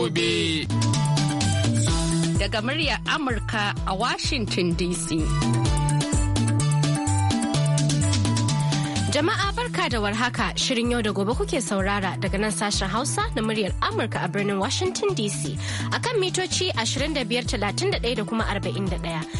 gobe. Daga muryar Amurka a Washington DC. Jama'a barka da warhaka shirin yau da gobe kuke saurara daga nan sashen Hausa na muryar Amurka a birnin Washington DC akan mitoci 31 da kuma 41.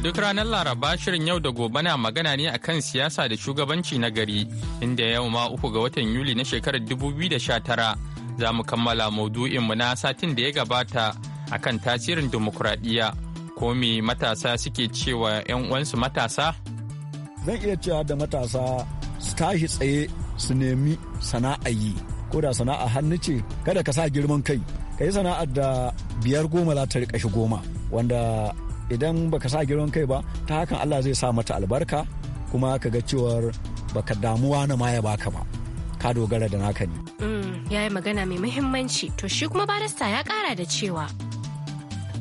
duk ranar Laraba shirin yau da gobe na magana ne akan siyasa da shugabanci na gari, inda yau ma uku ga watan Yuli na shekarar da 2019 za mu kammala maudu'inmu na satin da ya gabata akan tasirin dimokuraɗiyya. Ko me matasa suke cewa 'yan uwansu matasa? Zan iya cewa da matasa su tashi tsaye su nemi sana'a yi, ko da sana'a hannu ce kada ka sa girman kai, ka yi sana'ar da biyar goma za ta riƙa shi goma, wanda idan baka sa girman kai ba ta hakan Allah zai sa mata albarka kuma ka ga cewar baka damuwa na ma ya baka ba ka dogara da naka ne. Mm, ya yi magana mai muhimmanci to shi kuma barista ya kara da cewa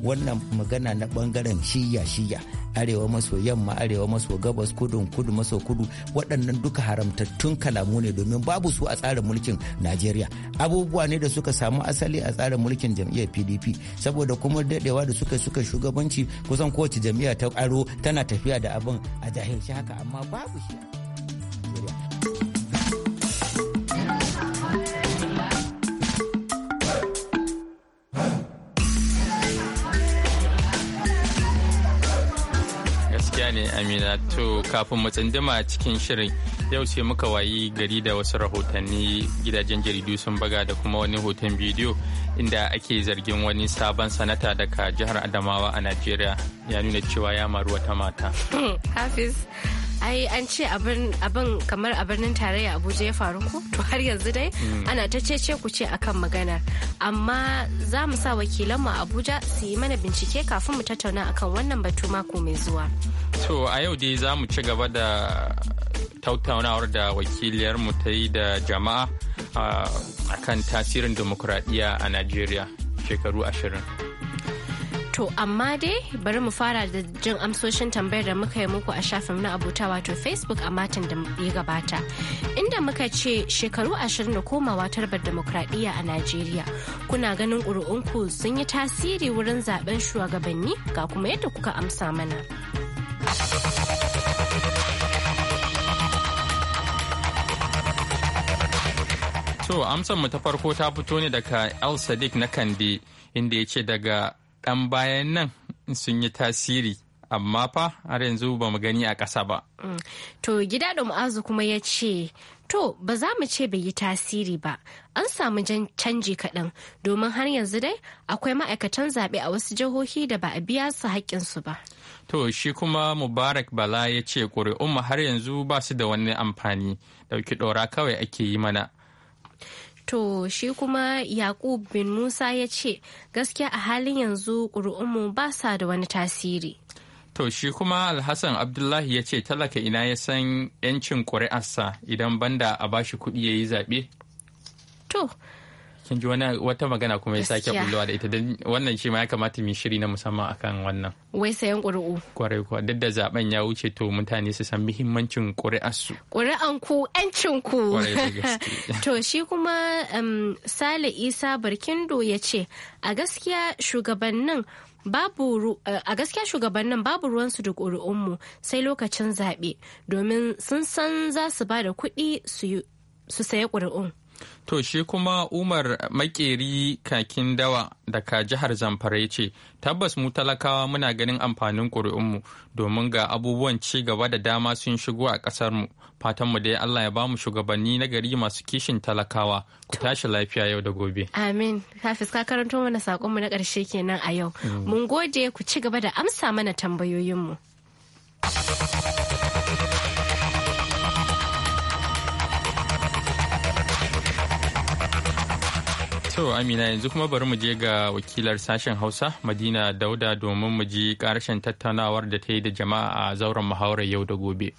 wannan magana na bangaren shiya shiya arewa maso yamma arewa maso gabas kudu kudu maso kudu waɗannan duka haramtattun kalamu ne domin babu su a tsarin mulkin najeriya abubuwa ne da suka samu asali a tsarin mulkin jam'iyyar pdp saboda kuma daɗewa da suka suka shugabanci kusan kowace jam'iyya ta aro tana tafiya da abin a jahilci haka amma babu shi to kafin mu tsindima cikin shirin yau ce muka wayi gari da wasu rahotanni gidajen jaridu sun baga da kuma wani hoton bidiyo inda ake zargin wani sabon sanata daga jihar Adamawa a Najeriya ya nuna cewa ya maru wata mata. ai an ce abin kamar a birnin tarayya abuja ya faru ko to har yanzu dai hmm. ana ta cece ku ce akan maganar amma za mu sa wakilanmu a abuja su yi mana bincike kafin mu tattauna akan wannan batu mako mai zuwa to a yau dai za mu ci gaba da tattaunawar da wakiliyarmu ta yi da jama'a akan tasirin demokuraɗiyya a najeriya shekaru ashirin. To amma dai bari mu fara da jin amsoshin tambayar da muka yi muku a shafin na abota wato Facebook a matan da ya gabata. Inda muka ce shekaru ashirin da komawa tarbar demokradiyya a Najeriya. Kuna ganin ƙuri'unku sun yi tasiri wurin zaben shugabanni ga kuma yadda kuka amsa mana. To amsar mu ta farko ta fito ne daga El Sadiq na Kande inda ya ce daga ɗan bayan nan sun yi tasiri amma fa har yanzu ba mu gani a ƙasa ba. Mm. To gida da mu'azu kuma ya ce, To ba za mu ce bai yi tasiri ba, an samu canji kaɗan domin har yanzu dai akwai ma'aikatan zaɓe a wasu jihohi da ba a biya su haƙƙinsu ba. To shi kuma Mubarak Bala ya ce ƙuri'un mu har yanzu ba su da wani amfani, ɗauki ɗora kawai ake yi mana. To shi kuma Yakub bin Musa ya ce gaskiya a halin yanzu ƙuri'unmu ba sa da wani tasiri. To shi kuma Alhassan Abdullahi ya ce talaka ina ya san 'yancin ƙuri'arsa idan banda a bashi kuɗi ya yi zaɓe? To, kin ji wani wata magana kuma ya sake bullowa da ita don wannan shi ma ya kamata mu shiri na musamman akan wannan wai sayan ƙuri'u kwarai kuwa duk da zaben ya wuce to mutane su san muhimmancin ƙuri'arsu ƙuri'an ku ƴancin ku to shi kuma um, Sale Isa Barkindo ya ce a gaskiya shugabannin babu uh, a gaskiya shugabannin babu ruwansu da ƙuri'unmu sai lokacin zaɓe domin sun san za su ba da kuɗi su saya ƙuri'un To shi kuma Umar Makeri kakin dawa daga jihar Zamfara ya ce, tabbas mu talakawa muna ganin amfanin ƙuri'unmu domin ga abubuwan ci gaba da dama sun shigo a ƙasarmu. Fatanmu dai Allah ya bamu shugabanni na gari masu kishin talakawa ku tashi lafiya yau da gobe. Amin. Hafiz ka karanto mana saƙonmu na ƙarshe kenan a yau. Mm. Mun gode ku ci gaba da amsa mana tambayoyinmu. To Amina yanzu kuma bari mu je ga wakilar sashen Hausa Madina Dauda domin mu ji karshen tattaunawar da ta yi da jama'a a zauren muhawarar yau da gobe.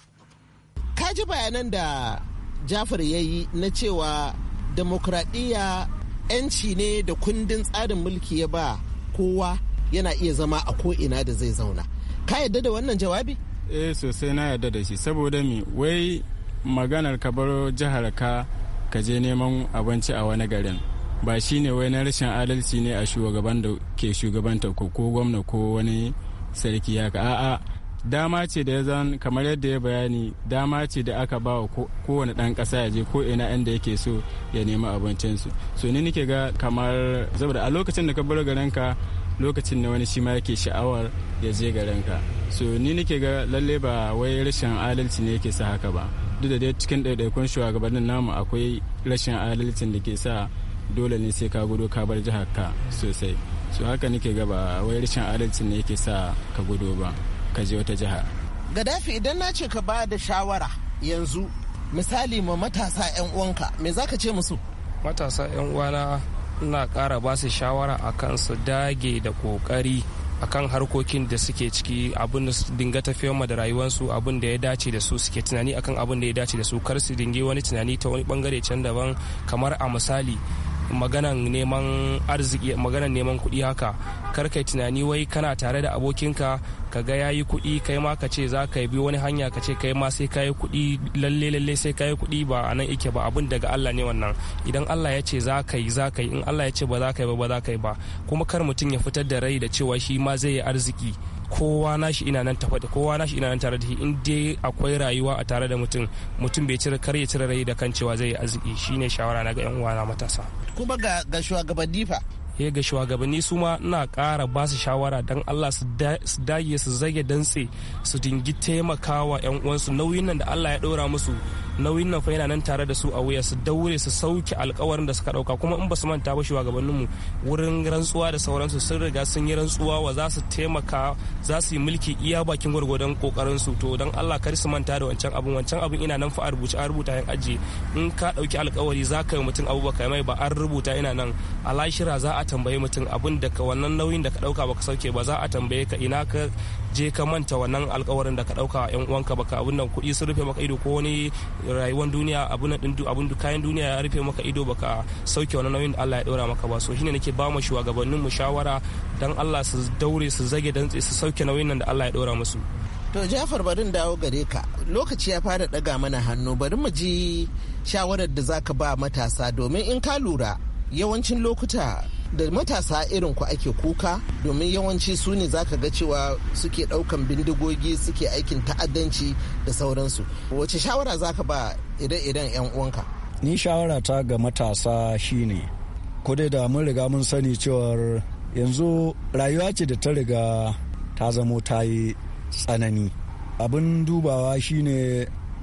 Ka ji bayanan da Jafar ya yi na cewa demokradiyya 'yanci ne da kundin tsarin mulki ya ba kowa yana iya zama a ko'ina da zai zauna. Ka yadda da wannan jawabi? Eh sosai na yadda da shi saboda mi wai maganar ka baro jihar ka ka je neman abinci a wani garin. ba shi ne wai na rashin adalci ne a shugaban da ke shugabanta ko gwamna ko wani sarki haka a'a dama ce da ya zan kamar yadda ya bayani dama ce da aka ba wa kowane ɗan ƙasa ya je ko ina inda yake so ya nemi abincinsu so ni nake ga kamar saboda a lokacin da ka bar garinka lokacin da wani shi ma yake sha'awar ya je garinka so ni nake ga lalle ba wai rashin adalci ne yake sa haka ba duk da dai cikin ɗaiɗaikun shugabannin namu akwai rashin adalcin da ke sa dole ne sai ka gudu ka bar jihar ka sosai su haka nake gaba wai rashin adalci ne yake sa ka gudu ba ka je wata jiha gadafi idan na ce ka ba da shawara yanzu misali ma matasa 'yan uwanka me za ka ce musu matasa 'yan uwana ina ƙara ba su shawara akan su dage da ƙoƙari akan harkokin da suke ciki abin da su dinga tafiyar ma da rayuwarsu abin da ya dace da su suke tunani akan abin da ya dace da su kar su dinge wani tunani ta wani bangare can daban kamar a misali maganan neman arziki maganan neman kuɗi haka kar kai tunani wai kana tare da abokinka ka ga ya yi kuɗi kai ma ka ce za ka bi wani hanya ka ce kai ma sai ka yi kuɗi lalle lalle sai ka yi kuɗi ba a nan ike ba abin daga Allah ne wannan idan Allah ya ce za ka yi za ka yi in Allah ya ce ba za ka yi ba ba za ka yi ba kuma kar mutum ya fitar da rai da cewa shi ma zai yi arziki kowa nashi ina nan tafa kowa nashi ina nan tare da shi in dai akwai rayuwa a tare da mutum mutum bai cire kar ya cire rai da kan cewa zai yi arziki shine shawara na ga yan uwana matasa kuma ga ga shugabanni fa ya ga shugabanni su ma ina ƙara ba su shawara don allah su dage su zage dantse su dingi taimakawa yan uwansu nauyin nan da allah ya ɗora musu nauyin nan fa yana nan tare da su a wuya su daure su sauke alkawarin da suka ɗauka kuma in ba su manta ba mu wurin rantsuwa da sauransu sun riga sun yi rantsuwa wa za su taimaka za su yi mulki iya bakin gwargwadon kokarin su to don allah kar su manta da wancan abin wancan abin ina nan fa a rubuce a rubuta yan ajiye in ka ɗauki alkawari za ka yi mutum abubakar mai ba an rubuta ina nan a lashira za a tambayi mutum abin da ka wannan nauyin da ka dauka baka sauke ba za a tambaye ka ina ka je ka manta wannan alkawarin da ka dauka yan uwanka baka abin nan kuɗi sun rufe maka ido ko wani rayuwar duniya abin din abin kayan duniya ya rufe maka ido baka sauke wannan nauyin da Allah ya daura maka ba so shine nake ba mu shugabannin mu shawara dan Allah su daure su zage dantse su sauke nauyin nan da Allah ya daura musu To Jafar barin dawo gare ka lokaci ya fara daga mana hannu bari mu ji shawarar da zaka ba matasa domin in ka lura yawancin lokuta da matasa irin ku ake kuka domin yawanci su ne zaka ga cewa suke daukan bindigogi suke aikin ta'addanci da sauransu wace shawara zaka ba ire-iren 'yan uwanka ni shawara ta ga matasa shine ko dai da mun riga mun sani cewar yanzu rayuwa ce da ta riga ta zamo ta yi tsanani abin dubawa shine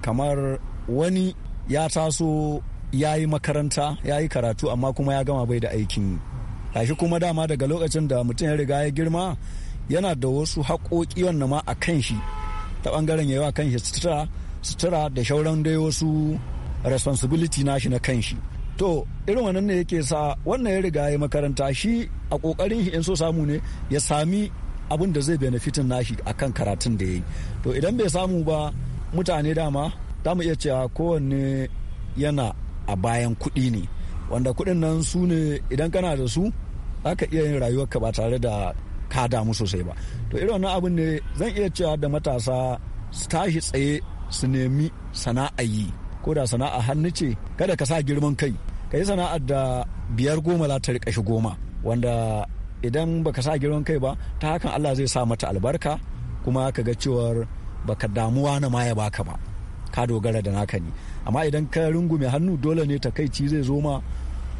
kamar wani ya taso ya yi makaranta ya yi karatu amma kuma ya gama bai da aikin yi gashi kuma dama daga lokacin da mutum ya riga ya girma yana da wasu haƙoƙi wanda ma a kan shi ta ɓangaren yawa kan shi sutura da shauran dai wasu responsibility nashi na kan shi to irin wannan ne yake sa wannan ya riga ya makaranta shi a ƙoƙarin shi in so samu ne ya sami abin da zai benefitin nashi kan karatun da ya yi to idan bai samu ba mutane dama za mu iya cewa kowanne yana a bayan kuɗi ne wanda kuɗin nan su ne idan kana da su za ka iya yin ka ba tare da ka damu sosai ba to irin wannan abin ne zan iya cewa da matasa su tashi tsaye su nemi sana'a yi ko da sana'a hannu ce kada ka sa girman kai ka yi sana'ar da biyar goma za ta rika shi goma wanda idan baka sa girman kai ba ta hakan Allah zai sa mata albarka kuma ka ga cewar baka damuwa na ma ya baka ba ka dogara da naka ne amma idan ka rungume hannu dole ne takaici zai zo ma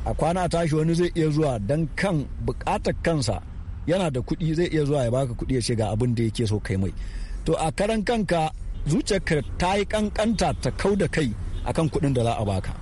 a kwana tashi wani zai iya zuwa dan kan bukatar kansa yana da kuɗi zai iya zuwa ya baka kuɗi ya ce ga abin da yake so kai mai to a karan kanka zuciyarka ta yi kankanta ta kau da kai akan kuɗin da za a baka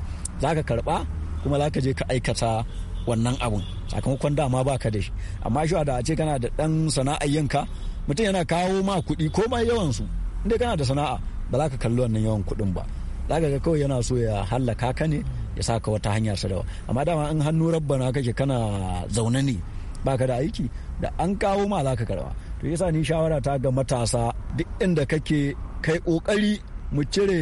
za ka karɓa kuma za ka je ka aikata wannan abun sakamakon dama baka da shi amma shi da a ce kana da ɗan sana'a yanka mutum yana kawo ma kuɗi ko ma yawan su inda kana da sana'a ba za ka kalli wannan yawan kuɗin ba za ka ga kawai yana so ya hallaka ka ne ya saka wata hanya su dawa amma dama in hannu rabbana kake kana zaune ne baka da aiki da an kawo ma za ka karba to yasa ni shawara ta ga matasa duk inda kake kai kokari mu cire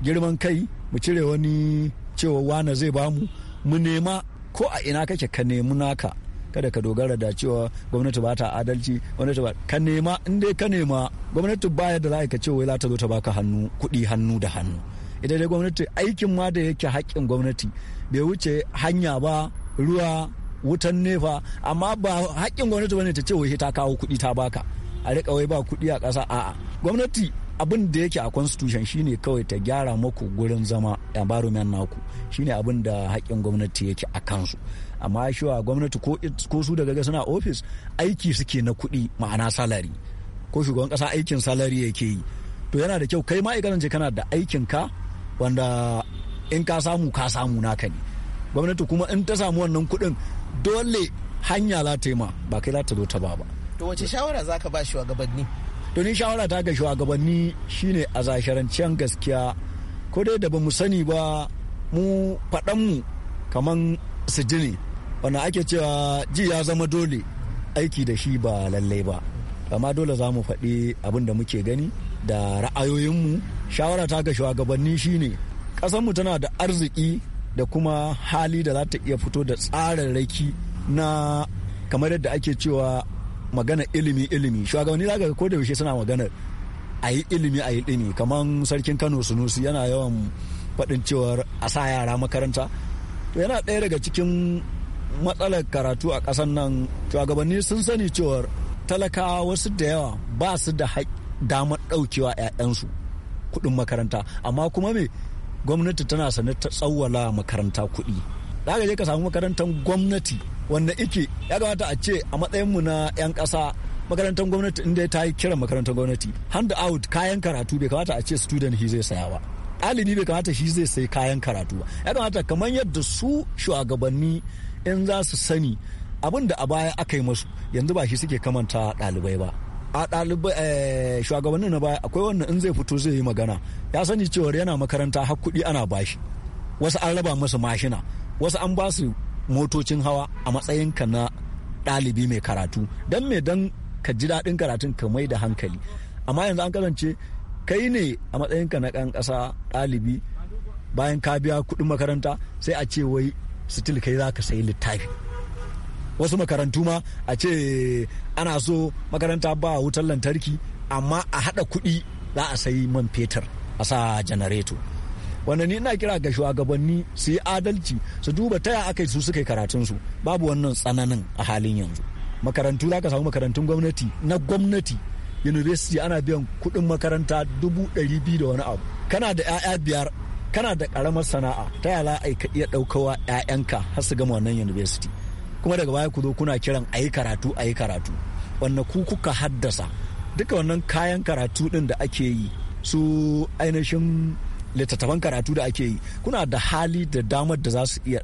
girman kai mu cire wani cewa wane zai bamu mu nema ko a ina kake ka nemi naka kada ka dogara da cewa gwamnati ba ta adalci gwamnati ba ka nema in dai ka nema gwamnati baya da za ka ce wai za ta zo ta baka hannu kuɗi hannu da hannu ita dai gwamnati aikin ma da yake haƙƙin gwamnati bai wuce hanya ba ruwa wutan nefa amma ba haƙƙin gwamnati bane ta ce wai ta kawo kuɗi ta baka a riƙa wai ba kuɗi a ƙasa a'a gwamnati abin da yake a constitution shine kawai ta gyara muku gurin zama environment naku shine abin da haƙƙin gwamnati yake a kansu amma shi wa gwamnati ko su daga suna ofis aiki suke na kuɗi ma'ana salari ko shugaban ƙasa aikin salari yake yi to yana da kyau kai ma kana da aikin ka wanda in ka samu ka samu naka ne gwamnati kuma in ta samu wannan kuɗin dole hanya za ta yi ma ba kai za ta zo ta ba ba to wace shawara za ka ba shugabanni to ni shawara ta ga shugabanni shine a zasharancen gaskiya ko dai da ba mu sani ba mu mu kaman su ji ne wanda ake cewa ji ya zama dole aiki da shi ba lallai ba amma dole za mu faɗi abin da muke gani da ra'ayoyinmu shawara ta ga shugabanni shine ƙasarmu tana da arziki da kuma hali da za ta iya fito da tsararraki na kamar yadda ake cewa magana ilimi ilimi shugabanni za ga ko da yaushe suna magana a yi ilimi a yi ilimi kamar sarkin kano sunusi yana yawan faɗin cewar a sa yara makaranta to yana ɗaya daga cikin matsalar karatu a ƙasar nan shugabanni sun sani cewar talakawa wasu da yawa ba su da damar ɗaukewa 'ya'yansu kuɗin makaranta amma kuma me gwamnati tana sane ta tsawwala makaranta kuɗi da je ka samu makarantar gwamnati wanda ike ya kamata a ce a matsayinmu na 'yan kasa makarantar gwamnati inda ta yi kiran makarantar gwamnati hand out kayan karatu bai kamata a ce student shi zai saya ba ɗalibi bai kamata shi zai sai kayan karatu ba ya kamata kamar yadda su shugabanni in za su sani abin da a baya aka yi masu yanzu ba shi suke kamanta ɗalibai ba a ɗalibai eh, shugabannin na baya akwai wannan in zai fito zai yi magana ya sani cewar yana makaranta har kuɗi ana bashi wasu an raba masa mashina wasu an ba su motocin hawa a matsayinka na ɗalibi mai karatu don me don ka ji daɗin karatun ka mai da hankali amma yanzu an kasance kai ne a matsayinka na ƙan ƙasa ɗalibi bayan ka biya kuɗin makaranta sai a ce wai sitil kai za ka sayi littafi wasu makarantu ma a ce ana so makaranta ba wutar lantarki amma a haɗa kuɗi za a sayi man fetur a sa janareto wanda ni ina kira ga shugabanni su yi adalci su duba taya aka su suka yi karatunsu babu wannan tsananin a halin yanzu makarantu za ka samu makarantun gwamnati na gwamnati university ana biyan kuɗin makaranta dubu ɗari biyu da wani abu kana da 'ya'ya biyar kana da ƙaramar sana'a ta yala ka iya ɗaukawa 'ya'yanka har su gama wannan university kuma daga baya ku zo kuna kiran a yi karatu a yi karatu wanda ku kuka haddasa duka wannan kayan karatu din da ake yi su ainihin littattafan karatu da ake yi kuna da hali da damar da za su iya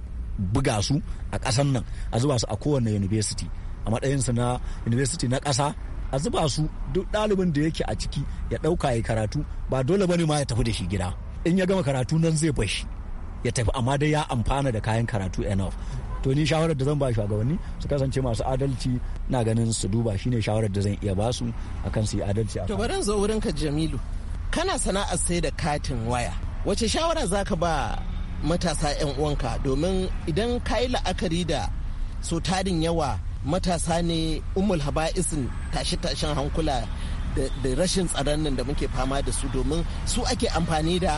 buga su a ƙasan nan a zuba su a kowane university a matsayinsu na university na ƙasa a zuba su duk ɗalibin da yake a ciki ya ɗauka ya karatu ba dole bane ma ya tafi da shi gida in ya gama karatu nan zai bashi ya tafi amma dai ya amfana da kayan karatu enough to ni shawarar da zan ba shugabanni su kasance masu adalci na ganin su duba shine shawarar da zan iya ba su akan su yi adalci to bari zo wurin ka Jamilu kana sana'ar sai da katin waya wace shawara zaka ba matasa 'yan uwanka domin idan kayi la'akari da so tarin yawa matasa ne umul haba'isin tashe tashin hankula da rashin tsaron nan da muke fama da su domin su ake amfani da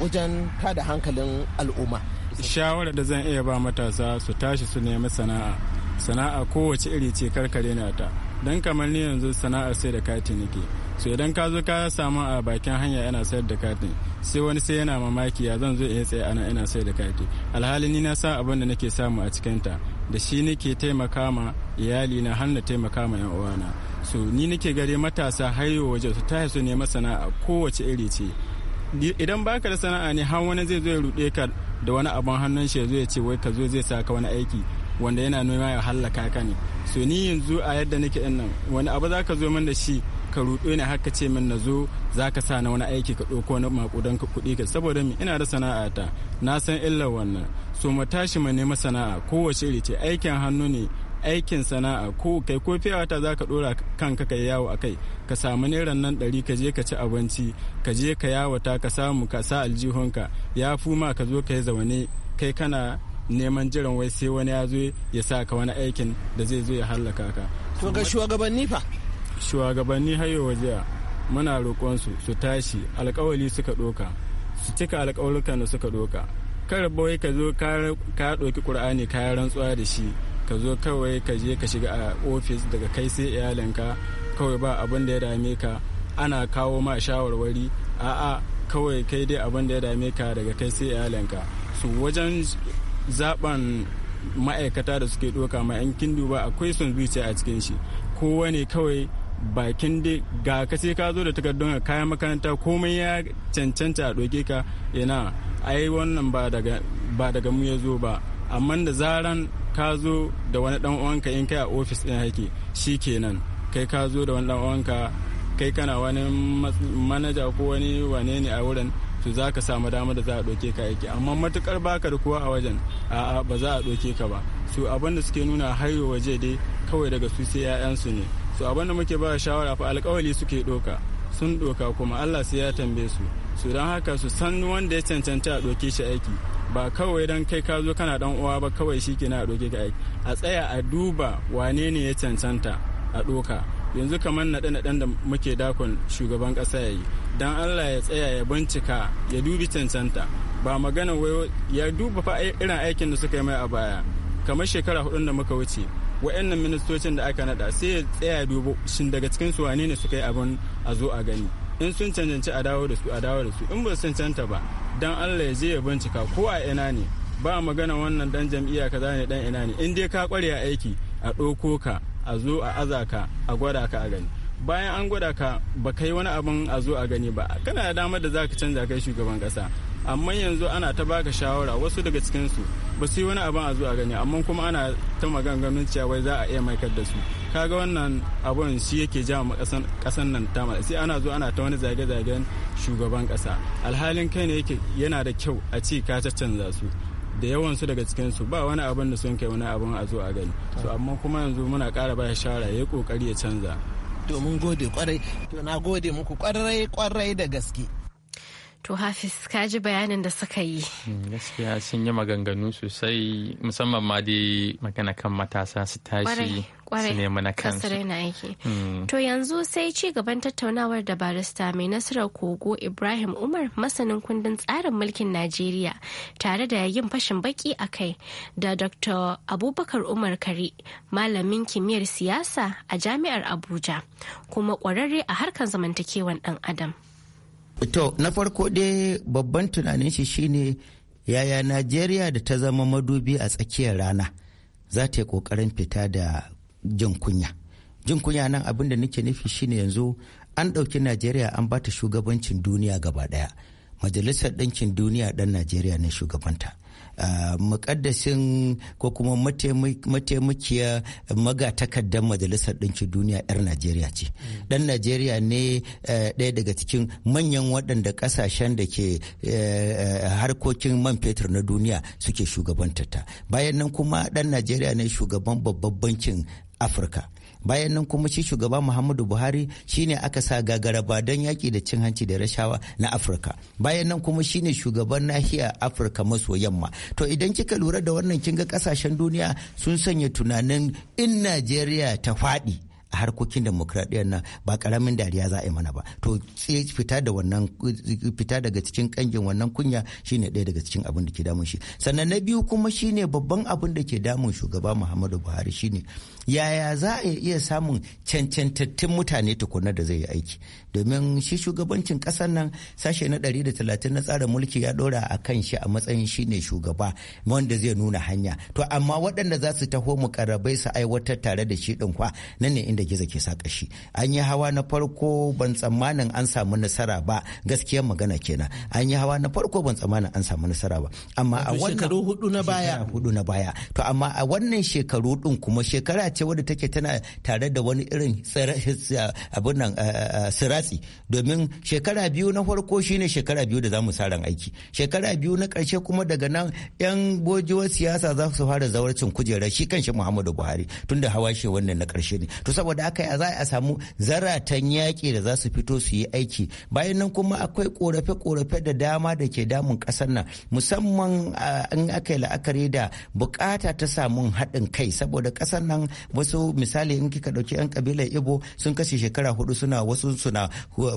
wajen kada hankalin al'umma shawara da zan iya ba matasa su tashi su nemi sana'a sana'a kowace iri ce karkare na ta don kamar ni yanzu sana'a sai da kati nake so idan ka zo ka samu a bakin hanya yana sayar da katin sai wani sai yana mamaki ya zan zo in tsaye ana ina sayar da kati alhali ni na sa abin da nake samu a cikinta da shi nake taimaka ma iyali na har na taimaka ma yan uwana so ni nake gare matasa hayo waje su tashi su nemi sana'a kowace iri ce idan baka da sana'a ne har wani zai zo ya ruɗe ka da wani abin hannun shi ya ce wai ka zo zai saka wani aiki wanda yana noma ya hallaka ka ne so ni yanzu a yadda nake din nan wani abu za ka zo min da shi ka ruɗo ni haka ce min na zo za ka sa na wani aiki ka ɗauko wani makudan ka kuɗi ka saboda mi ina da sana'ata na san illar wannan so mu tashi mu nema sana'a kowace iri ce aikin hannu ne aikin sana'a ko kai ko fiyawata za ka ɗora kanka ka yawo a kai ka samu neran nan ɗari ka je ka ci abinci ka je ka yawata ka samu ka sa aljihunka ya fi ma ka zo ka yi zaune kai kana neman jiran wai sai wani ya zo ya sa ka wani aikin da zai zo ya hallaka ka. To ga shugabanni fa? Shugabanni hayo waje muna roƙonsu su tashi alƙawali suka ɗoka su cika alkawallukan da suka ɗoka. Kar bawai ka zo ka ɗauki ƙur'ani ka rantsuwa da shi ka zo kawai ka je ka shiga a ofis daga kai sai iyalinka kawai ba abin da ya dame ka ana kawo ma shawarwari a'a kawai kai dai abin da ya dame ka daga kai sai iyalinka su wajen zaben ma'aikata da suke doka ma yan kin duba akwai son zuciya a cikin shi kowa ne kawai bakin dai ga ka sai ka zo da takardun kayan makaranta komai ya cancanta a doke ka yana ai wannan ba daga mu ya zo ba amma da zaran ka zo da wani dan uwanka in kai a ofis din shi kenan kai ka zo da wani dan uwanka kai kana wani manaja ko wani wane ne a wurin to za ka samu dama da za a ɗauke ka aiki amma matukar baka da kowa a wajen a'a ba za a ɗauke ka ba su abin da suke nuna hayo waje dai kawai daga su sai 'ya'yansu ne su abin da muke ba shawara fa alƙawali suke ɗoka sun ɗoka kuma allah sai ya tambaye su su don haka su san wanda ya cancanta a ɗauke shi aiki ba kawai don kai ka zo kana dan uwa ba kawai shi ke na a doke ka aiki a tsaya a duba wane ne ya cancanta a doka yanzu kamar naɗe naɗen da muke dakon shugaban kasa ya yi don allah ya tsaya ya bincika ya dubi cancanta ba magana wai ya duba fa irin aikin da suka yi mai a baya kamar shekara hudun da muka wuce wa'annan ministocin da aka naɗa sai ya tsaya ya dubo shin daga cikin su wane ne suka yi abin a zo a gani in sun cancanci a dawo da su a dawo da su in ba su cancanta ba dan allah ya je ya bincika ko a ina ne ba magana wannan dan jam'iyya kaza ne dan ina ne in dai ka kware a aiki a ɗauko ka a zo a aza ka a gwada ka a gani bayan an gwada ka ba kai wani abin a zo a gani ba kana da damar da zaka canza kai shugaban kasa amma yanzu ana ta baka shawara wasu daga cikinsu ba su yi wani abin a zo a gani amma kuma ana ta maganganun cewa wai za a iya maikar da su kaga wannan abun shi yake ja mu kasan nan ta sai ana zo ana ta wani zage-zagen shugaban kasa alhalin kai ne yake yana da kyau a ci ka canza su da yawansu daga cikinsu ba wani abin da sun kai wani abin a zo a gani so amma kuma yanzu muna kara ba shara ya kokari ya canza to mun gode kwarai to na gode muku kwarai kwarai da gaske to hafiz ka ji bayanin da suka yi hmm, gaskiya sun yi maganganu sosai musamman ma dai magana kan matasa su tashi kwarai kasar yana aiki hmm. to yanzu sai ci gaban tattaunawar da barista mai nasarar kogo ibrahim umar masanin kundin tsarin mulkin najeriya tare da yin fashin baki a kai da dr abubakar umar kari malamin kimiyyar siyasa a jami'ar abuja kuma kwararre a harkar zamantakewan dan adam to na farko dai babban tunanin shi shine yaya najeriya da ta zama madubi a tsakiyar rana za ta yi kokarin fita da jin kunya jin kunya nan abin da nake nufi shine yanzu an ɗauki najeriya an bata shugabancin duniya gaba ɗaya majalisar ɗinkin duniya ɗan najeriya ne shugabanta mukaddasin ko kuma mataimakiya magatakardar majalisar ɗinkin duniya 'yar najeriya ce ɗan najeriya ne eh, ɗaya daga cikin manyan waɗanda ƙasashen da ke eh, eh, harkokin man fetur na duniya suke shugabantata bayan nan kuma ɗan najeriya ne shugaban babban bankin afirka bayan nan kuma shi shugaba muhammadu buhari shine aka sa gagaraba don yaƙi da cin hanci da rashawa na afirka bayan nan kuma shine shugaban nahiyar afirka maso yamma to idan kika lura da wannan kin ga kasashen duniya sun sanya tunanin in najeriya ta faɗi a harkokin demokradiyyar nan ba karamin dariya za a yi mana ba to fita da wannan fita daga cikin kangin wannan kunya shine ɗaya daga cikin abin da ke damun shi sannan na biyu kuma shine babban abin da ke damun shugaba muhammadu buhari shine yaya za a iya samun cancantattun mutane tukuna da zai yi aiki domin shi shugabancin kasar nan sashe na 130 na tsarin mulki ya ɗora a kan shi a matsayin shi ne shugaba wanda zai nuna hanya to amma waɗanda za su taho mu karabai su aiwatar tare da shi ɗin kwa nan ne inda gizo ke saka shi an yi hawa na farko ban tsammanin an samu nasara ba gaskiyar magana kenan an yi hawa na farko ban tsammanin an samu nasara ba amma a wannan shekaru hudu na baya hudu na baya to amma a wannan shekaru ɗin kuma shekara ce wadda take tana tare da wani irin abin nan eh, eh, siratsi domin shekara biyu na farko shine shekara biyu da zamu saran aiki shekara biyu na karshe kuma daga nan yan gojiwar siyasa za su fara zawarcin kujerar shi kanshi Muhammadu Buhari tunda hawa shi wannan na karshe ne to saboda haka ya za a samu zaratan yaƙi da za su fito su yi aiki bayan nan kuma akwai korafe-korafe da dama da ke damun kasar nan musamman ah, in aka yi la'akari da bukata ta samun haɗin kai saboda ƙasar nan wasu misali in kika dauki yan kabilar ibo sun kashe shekara hudu suna wasu suna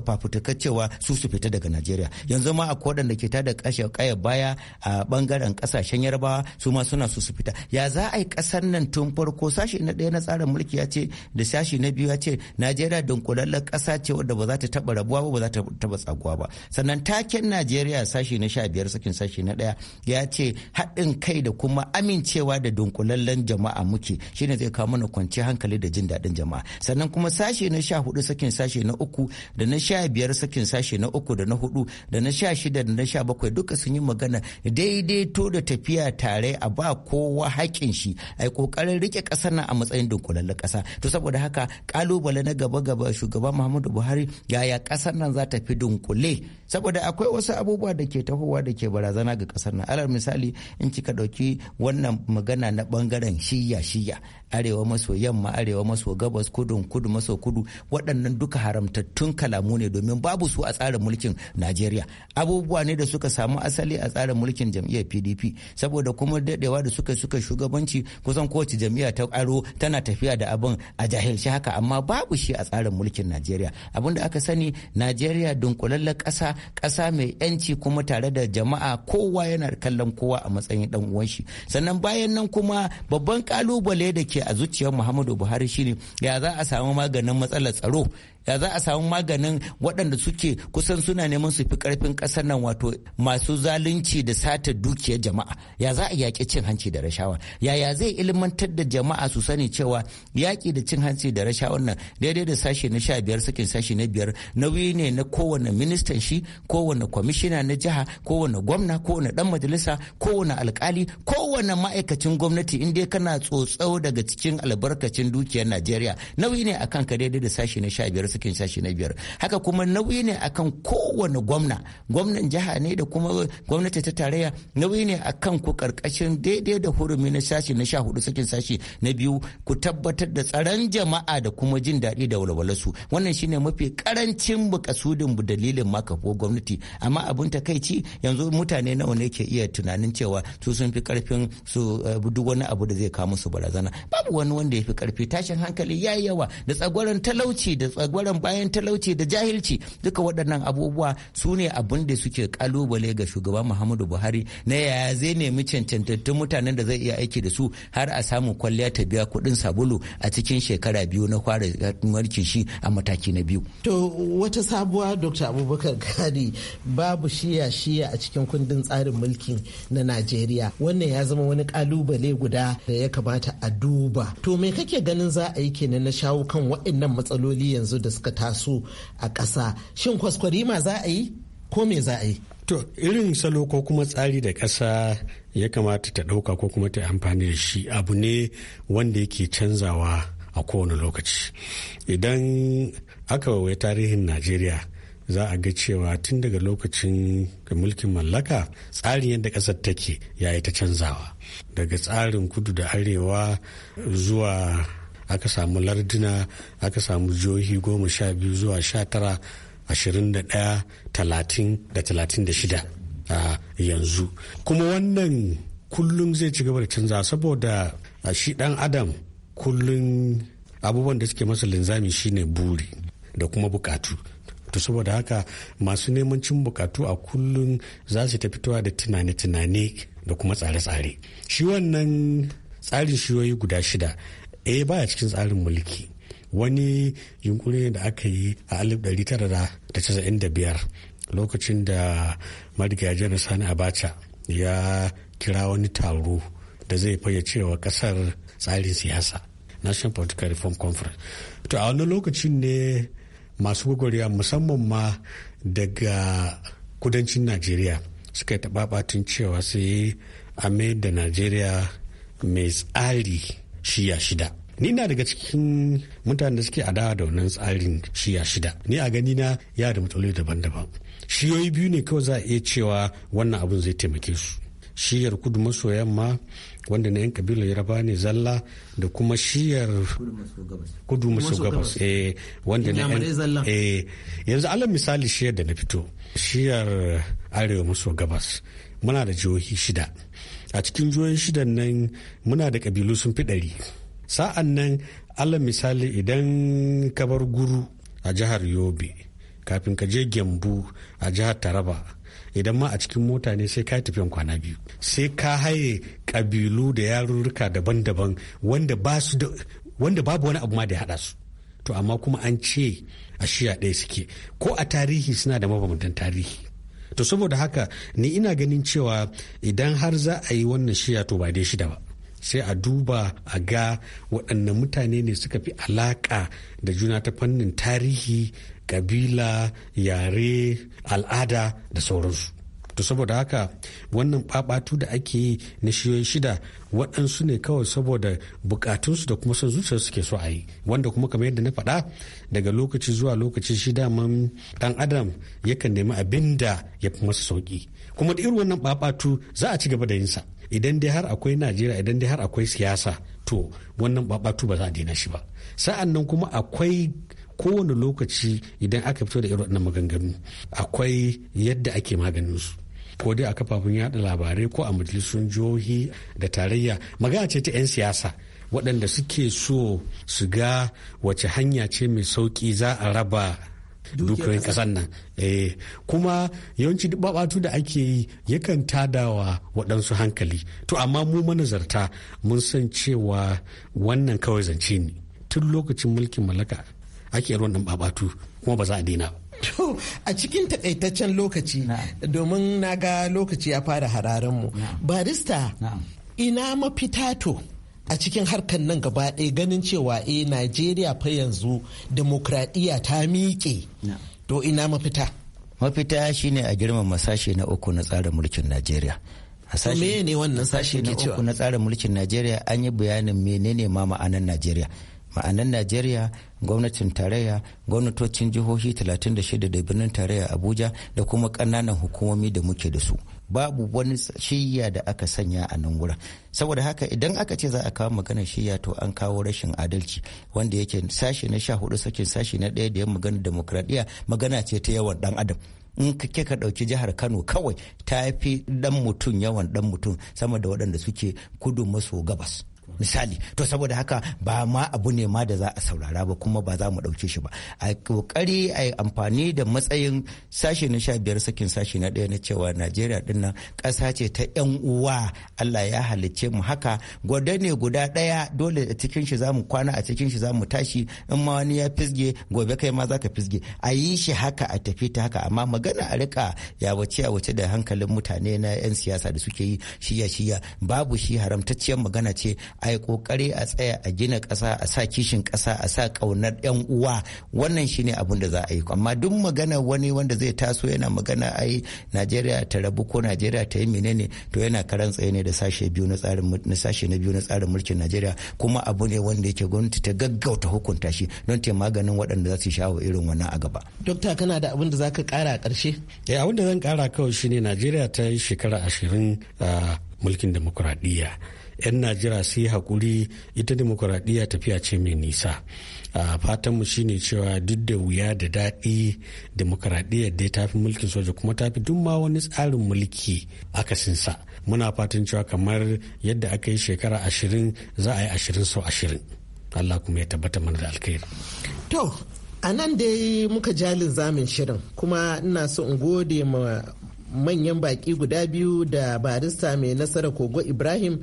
fafutuka cewa su su fita daga najeriya yanzu ma akwai wadanda ke tada kaya baya a bangaren kasashen yarbawa su ma suna su su fita ya za a yi kasar nan tun farko sashi na ɗaya na tsarin mulki ya ce da sashi na biyu ya ce najeriya dunkulallen kasa ce wadda ba za ta taɓa rabuwa ba ba za ta taɓa tsaguwa ba sannan taken najeriya sashi na sha biyar sakin sashi na ɗaya ya ce haɗin kai da kuma amincewa da dunkulallen jama'a muke shine zai kawo mana kwanciyar hankali da jin daɗin jama'a sannan kuma sashe na sha hudu sakin sashe na uku da na sha biyar sakin sashe na uku da na hudu da na sha shida da na sha bakwai duka sun yi magana daidaito da tafiya tare a ba kowa haƙƙin shi a yi ƙoƙarin riƙe ƙasar nan a matsayin dunkulalle ƙasa to saboda haka ƙalubale na gaba-gaba shugaba muhammadu buhari yaya ƙasar nan za ta fi dunkule saboda akwai wasu abubuwa da ke tahowa da ke barazana ga kasar nan alal misali in kika dauki wannan magana na bangaren shiya shiya arewa maso yamma arewa maso gabas kudu kudu maso kudu waɗannan duka haramtattun kalamu ne domin babu su a tsarin mulkin najeriya abubuwa ne da suka samu asali a tsarin mulkin jam'iyyar pdp saboda kuma daɗewa da suka suka shugabanci kusan kowace jam'iyya ta aro tana tafiya da abin a shi haka amma babu shi a tsarin mulkin najeriya abin da aka sani najeriya dunkulallen ƙasa ƙasa mai yanci kuma tare da jama'a kowa yana kallon kowa a matsayin dan uwan shi sannan bayan nan kuma babban kalubale da ke a zuciyar muhammadu buhari shine ya za a samu maganin matsalar tsaro ya za a samu maganin waɗanda suke kusan suna neman su fi karfin ƙasar nan wato masu zalunci da sata dukiyar jama'a ya za a yaƙi cin hanci da rashawa yaya zai ilmantar da jama'a su sani cewa yaƙi da cin hanci da rashawan nan daidai da sashe na sha biyar sakin sashe na biyar nauyi ne na kowane ministan shi kowane kwamishina na jiha kowane gwamna kowane dan majalisa kowane alkali kowane ma'aikacin gwamnati in dai kana tsotsau daga cikin albarkacin dukiyar najeriya nauyi ne akan ka daidai da sashe na sha biyar suke sashi na biyar haka kuma nauyi ne akan kowane gwamna gwamnan jiha ne da kuma gwamnati ta tarayya nauyi ne akan ku karkashin daidai da hurumi na sashi na sha hudu sakin sashi na biyu ku tabbatar da tsaron jama'a da kuma jin daɗi da walwalarsu wannan shine mafi karancin bukasudin dalilin makafo gwamnati amma abin takaici yanzu mutane nawa ne ke iya tunanin cewa su sun fi karfin su eh, duk wani abu da zai kawo musu barazana babu wani wanda ya fi karfi tashin hankali ya yawa da tsagwaron talauci da tsagwaron goron bayan talauci da jahilci duka waɗannan abubuwa su ne abin da suke kalubale ga shugaban muhammadu buhari na yaya zai nemi cancantattun mutanen da zai iya aiki da su har a samu kwalliya ta biya kuɗin sabulu a cikin shekara biyu na fara mulkin shi a mataki na biyu. to wata sabuwa dr abubakar kari babu shiya shiya a cikin kundin tsarin mulkin na najeriya wannan ya zama wani kalubale guda da ya kamata a duba to me kake ganin za a yi kenan na shawo kan waɗannan matsaloli yanzu da suka taso a ƙasa shin kwaskwarima za a yi ko me za a yi to irin salo ko kuma tsari da ƙasa ya kamata ta ɗauka ko kuma ta amfani da shi abu ne wanda yake canzawa a kowane lokaci idan aka wawai tarihin najeriya za a ga cewa tun daga lokacin mulkin mallaka tsarin yadda ƙasar take ya yi ta canzawa daga tsarin kudu da arewa zuwa aka samu lardina aka samu jihohi goma sha biyu zuwa sha tara ashirin da daya talatin da talatin da shida a yanzu kuma wannan kullum zai ci gaba da canza saboda a shi ɗan adam kullum abubuwan da suke masa linzami shine buri da kuma bukatu to saboda haka masu neman cin bukatu a kullum za su ta fitowa da tunane-tunane da kuma tsare-tsare shi wannan tsarin shiyoyi guda shida eh baya cikin tsarin mulki wani yunkuri ne da aka yi a 1995 lokacin da marigajen sani abacha ya kira wani taro da zai fayyace wa kasar tsarin siyasa national political reform conference to a wani lokacin ne masu gwagwarya musamman ma daga kudancin najeriya suka yi cewa sai a mai da najeriya mai tsari shiya shida ni na daga cikin mutanen da suke adawa da wannan tsarin shiya shida ni a gani na ya da matsaloli daban-daban shiyoyi biyu ne kawai za a iya cewa wannan abun zai taimake su shiyar kudu maso yamma wanda na 'yan kabilar yaraba ne zalla da kuma shiyar kudu maso gabas eh, wanda na eh, yanzu alam misali shiyar da na fito shiyar arewa maso gabas muna da jihohi shida a cikin juwan shidan nan muna da kabilu sun fi ɗari sa'an nan allah misali idan ka bar guru a jihar yobe kafin ka je gyambu a jihar taraba idan ma a cikin mota ne sai ka yi tafiyan kwana biyu sai ka haye kabilu da yarurruka daban-daban wanda babu wani abu ma da ya haɗa su to amma kuma an ce a shiya ɗaya suke ko a tarihi suna da mabambantan tarihi to saboda haka ni ina ganin cewa idan har za a yi wannan shiya to ba dai shida ba sai a duba a ga waɗannan mutane ne suka fi alaƙa da juna ta fannin tarihi ƙabila, yare al'ada da sauransu to saboda haka wannan babatu da ake yi na shiyoyi shida waɗansu ne kawai saboda bukatunsu da kuma son zuciyar suke so a yi wanda kuma kamar yadda na faɗa daga lokaci zuwa lokaci shi daman ɗan adam yakan nemi abin da ya fi masa sauki kuma da irin wannan babatu za a ci gaba da yin sa idan dai har akwai najeriya idan dai har akwai siyasa to wannan babatu ba za a daina shi ba sa'an nan kuma akwai kowane lokaci idan aka fito da irin wannan maganganu akwai yadda ake maganin su ko dai a kafafun yada labarai ko a majalisun jihohi da tarayya magana ce ta 'yan siyasa waɗanda suke so su ga wace hanya ce mai sauki za a raba dukiyoyin ƙasar nan eh, kuma yawanci duk babatu da ake yi yakan tadawa waɗansu hankali to amma mu manazarta mun san cewa wannan kawai zance ne tun lokacin mulkin mallaka ake yi wannan babatu kuma ba za a daina ba To a cikin takaitaccen lokaci domin na ga lokaci ya fara hararinmu. Barista ina mafita to a cikin harkar nan gaba ɗaya ganin cewa eh Najeriya fa yanzu demokradiyya ta miƙe. To ina mafita? Mafita shine a girmama sashe na uku na tsarin mulkin Najeriya. Me ne wannan sashe na uku na tsarin mulkin Najeriya an yi bayanin menene ma ma'anar Najeriya. ma'anan najeriya gwamnatin tarayya gwamnatocin jihohi 36 da birnin tarayya abuja da kuma ƙananan hukumomi da muke da su babu wani shiya da aka sanya a nan wurin saboda haka idan aka ce za a kawo magana shiya to an kawo rashin adalci wanda yake sashi na sha hudu sakin sashi na ɗaya da ya magana demokradiyya magana ce ta yawan dan adam in kake ka ɗauki jihar kano kawai ta fi dan mutum yawan dan mutum sama da waɗanda suke kudu maso gabas misali to saboda haka ba ma abu ne ma da za a saurara ba kuma ba za mu ɗauke shi ba a kokari a yi amfani da matsayin sashe na sha biyar sakin sashe na ɗaya na cewa najeriya din nan ƙasa ce ta yan uwa allah ya halicce mu haka gwada ne guda ɗaya dole a cikin shi za mu kwana a cikin shi za mu tashi in ma wani ya fisge gobe kai ma za ka fisge a yi shi haka a tafi ta haka amma magana a rika ya wace a wace da hankalin mutane na 'yan siyasa da suke yi shiya shiya babu shi haramtacciyar magana ce a a yi kokari a tsaya a gina kasa a sa kishin kasa a sa kaunar yan uwa wannan shine abin da za a yi amma duk magana wani wanda zai taso yana magana ai najeriya ta rabu ko najeriya ta yi menene to yana karan tsaye ne da sashe biyu na tsarin sashe na biyu na tsarin mulkin najeriya kuma abu ne wanda yake gwamnati ta gaggauta hukunta shi don ta maganin waɗanda za su shawo irin wannan a gaba. dokta kana da abin da za ka kara a ƙarshe. eh abin da zan kara kawai shine najeriya ta yi shekara ashirin ah, mulkin demokuraɗiyya 'yan najeriya su yi haƙuri ita demokuraɗiyya tafiya ce mai nisa a fatanmu shine cewa duk da wuya da daɗi demokuraɗiyyar dai ta fi mulkin soja kuma ta fi duk ma wani tsarin mulki aka sinsa muna fatan cewa kamar yadda aka yi shekara ashirin za a yi ashirin sau ashirin allah kuma ya tabbata mana da alkhairi to a nan dai muka jalin zamin shirin kuma ina so in gode ma manyan baki guda biyu da barista mai nasara kogo ibrahim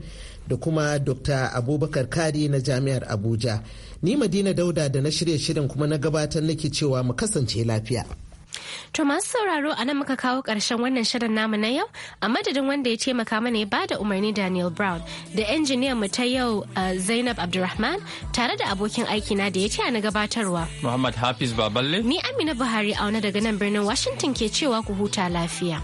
da kuma dr abubakar kari na jami'ar abuja ni madina dauda da na shirya shirin kuma na gabatar nake cewa mu kasance lafiya To masu sauraro a nan muka kawo ƙarshen wannan shirin namu na yau a madadin wanda ya taimaka mana ya bada umarni Daniel Brown da injiniyan mu ta yau uh, Zainab Abdulrahman tare da abokin aikina da ya ce na gabatarwa. Muhammad Hafiz Baballe. Ni Amina Buhari auna daga nan birnin Washington ke cewa ku huta lafiya.